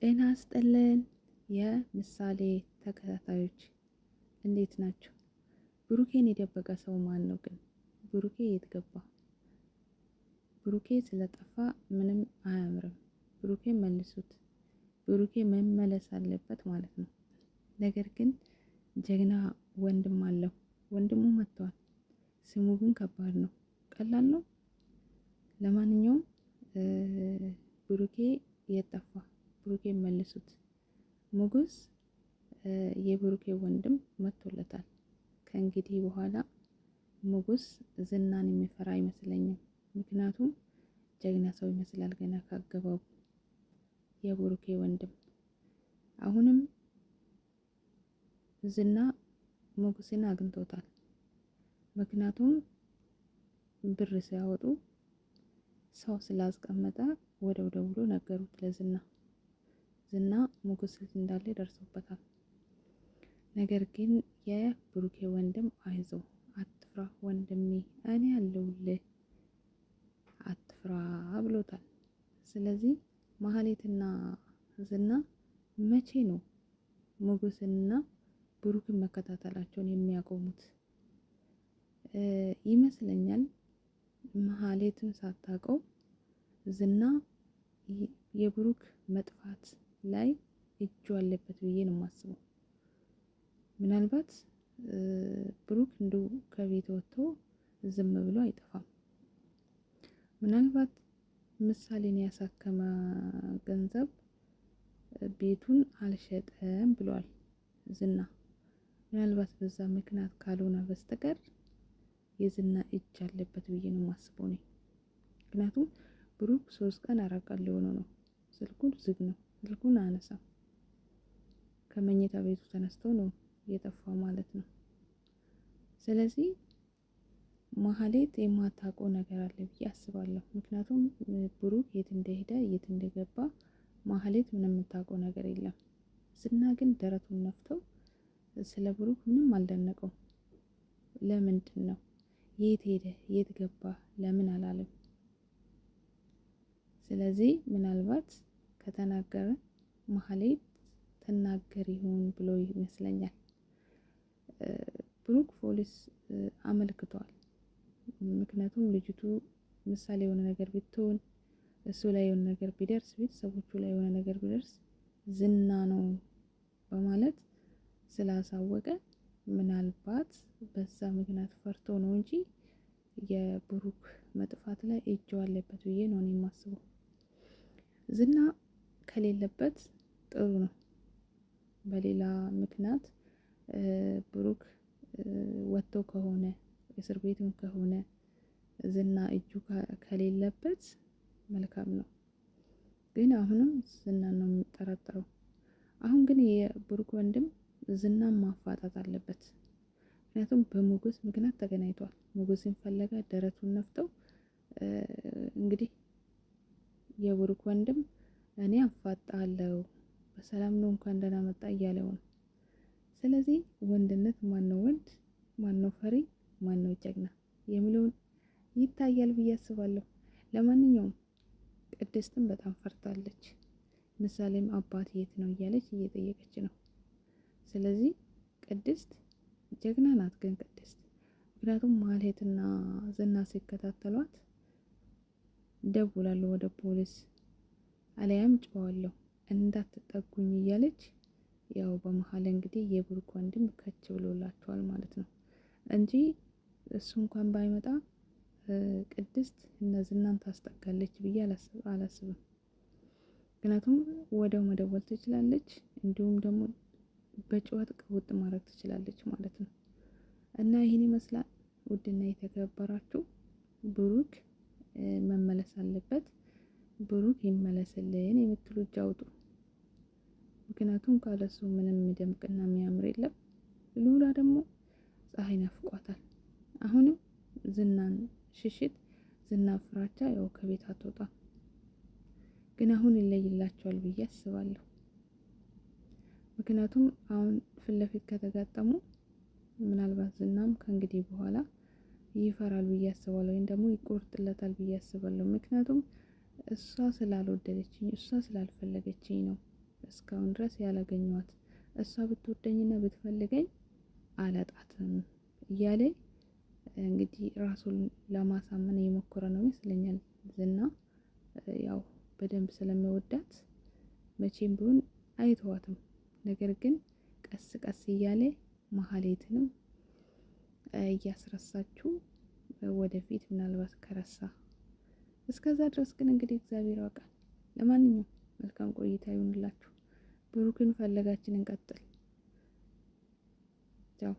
ጤና ስጥልን የምሳሌ ተከታታዮች እንዴት ናቸው? ብሩኬን የደበቀ ሰው ማን ነው ግን? ብሩኬ የት ገባ? ብሩኬ ስለጠፋ ምንም አያምርም። ብሩኬ መልሱት። ብሩኬ መመለስ አለበት ማለት ነው። ነገር ግን ጀግና ወንድም አለው። ወንድሙ መጥቷል። ስሙ ግን ከባድ ነው። ቀላል ነው። ለማንኛውም ብሩኬ የት ጠፋ? ብሩኬ መልሱት። ሙጉስ የብሩኬ ወንድም መቶለታል ከእንግዲህ በኋላ ሙጉስ ዝናን የሚፈራ አይመስለኝም። ምክንያቱም ጀግና ሰው ይመስላል ገና ካገባቡ የብሩኬ ወንድም። አሁንም ዝና ሙጉስን አግኝቶታል። ምክንያቱም ብር ሲያወጡ ሰው ስላስቀመጠ ወደው ደውሎ ነገሩት ለዝና ዝና ሞገስ የት እንዳለ ደርሶበታል። ነገር ግን የብሩኬ ወንድም አይዞ አትፍራ ወንድሜ እኔ ያለውልህ አትፍራ ብሎታል። ስለዚህ ማህሌትና ዝና መቼ ነው ሞገስንና ብሩክን መከታተላቸውን የሚያቆሙት? ይመስለኛል ማህሌትን ሳታውቀው ዝና የብሩክ መጥፋት ላይ እጁ አለበት ብዬ ነው የማስበው። ምናልባት ብሩክ እንዱ ከቤት ወጥቶ ዝም ብሎ አይጠፋም። ምናልባት ምሳሌን ያሳከመ ገንዘብ ቤቱን አልሸጠም ብሏል ዝና። ምናልባት በዛ ምክንያት ካልሆነ በስተቀር የዝና እጅ አለበት ብዬ ነው የማስበው እኔ። ምክንያቱም ብሩክ ሶስት ቀን አራቃል ቀን ነው፣ ስልኩን ዝግ ነው። ስልኩን አነሳ። ከመኝታ ቤቱ ተነስተው ነው የጠፋው ማለት ነው። ስለዚህ ማህሌት የማታውቀው ነገር አለ ብዬ አስባለሁ። ምክንያቱም ብሩክ የት እንደሄደ የት እንደገባ ማህሌት ምንም የምታውቀው ነገር የለም። ዝና ግን ደረቱን ነፍተው ስለ ብሩክ ምንም አልደነቀው። ለምንድን ነው የት ሄደ የት ገባ ለምን አላለም? ስለዚህ ምናልባት ከተናገረ መሀሌት ትናገር ይሆን ብሎ ይመስለኛል። ብሩክ ፖሊስ አመልክቷል። ምክንያቱም ልጅቱ ምሳሌ የሆነ ነገር ብትሆን እሱ ላይ የሆነ ነገር ቢደርስ ቤተሰቦቹ ላይ የሆነ ነገር ቢደርስ ዝና ነው በማለት ስላሳወቀ ምናልባት በዛ ምክንያት ፈርቶ ነው እንጂ የብሩክ መጥፋት ላይ እጅ አለበት ብዬ ነው እኔ የማስበው ዝና ከሌለበት ጥሩ ነው። በሌላ ምክንያት ብሩክ ወጥቶ ከሆነ እስር ቤትም ከሆነ ዝና እጁ ከሌለበት መልካም ነው። ግን አሁንም ዝና ነው የምጠራጠረው። አሁን ግን የብሩክ ወንድም ዝናን ማፋጣት አለበት። ምክንያቱም በሞገስ ምክንያት ተገናኝቷል። ሞገስን ፈለጋ ደረቱን ነፍተው እንግዲህ የብሩክ ወንድም እኔ አፋጣለሁ በሰላም ነው እንኳን ደህና መጣ እያለው ነው። ስለዚህ ወንድነት ማነው ወንድ ማነው ፈሪ ማነው ጀግና የሚለውን ይታያል ብዬ አስባለሁ። ለማንኛውም ቅድስትን በጣም ፈርታለች። ምሳሌም አባት የት ነው እያለች እየጠየቀች ነው። ስለዚህ ቅድስት ጀግና ናት። ግን ቅድስት ምክንያቱም ማህሌትና ዝና ሲከታተሏት ደውላለሁ ወደ ፖሊስ አለያም ጨዋለሁ እንዳትጠጉኝ እያለች ያው በመሀል እንግዲህ የብሩክ ወንድም ከች ብሎላቸዋል ማለት ነው እንጂ እሱ እንኳን ባይመጣ ቅድስት እነዝናን ታስጠጋለች ብዬ አላስብም። ምክንያቱም ወደው መደወል ትችላለች፣ እንዲሁም ደግሞ በጨዋት ቀውጥ ማድረግ ትችላለች ማለት ነው። እና ይህን ይመስላል ውድና የተከበራችሁ ብሩክ መመለስ አለበት። ብሩክ ይመለስልን የምትሉ እጅ አውጡ። ምክንያቱም ካለሱ ምንም የሚደምቅና የሚያምር የለም። ሉላ ደግሞ ፀሐይ ናፍቋታል። አሁንም ዝናን ሽሽት ዝና ፍራቻ ያው ከቤት አትወጣ ግን አሁን ይለይላቸዋል ብዬ አስባለሁ። ምክንያቱም አሁን ፊት ለፊት ከተጋጠሙ ምናልባት ዝናም ከእንግዲህ በኋላ ይፈራል ብዬ አስባለሁ፣ ወይም ደግሞ ይቆርጥለታል ብዬ አስባለሁ። ምክንያቱም እሷ ስላልወደደችኝ እሷ ስላልፈለገችኝ ነው እስካሁን ድረስ ያላገኘኋት። እሷ ብትወደኝና ብትፈልገኝ አላጣትም እያለ እንግዲህ ራሱን ለማሳመን እየሞከረ ነው ይመስለኛል። ዝና ያው በደንብ ስለሚወዳት መቼም ቢሆን አይተዋትም። ነገር ግን ቀስ ቀስ እያለ መሀሌትንም እያስረሳችሁ ወደፊት ምናልባት ከረሳ እስከዛ ድረስ ግን እንግዲህ እግዚአብሔር ያውቃል። ለማንኛውም መልካም ቆይታ ይሁንላችሁ። ብሩክን ፈለጋችንን ቀጥል። ቻው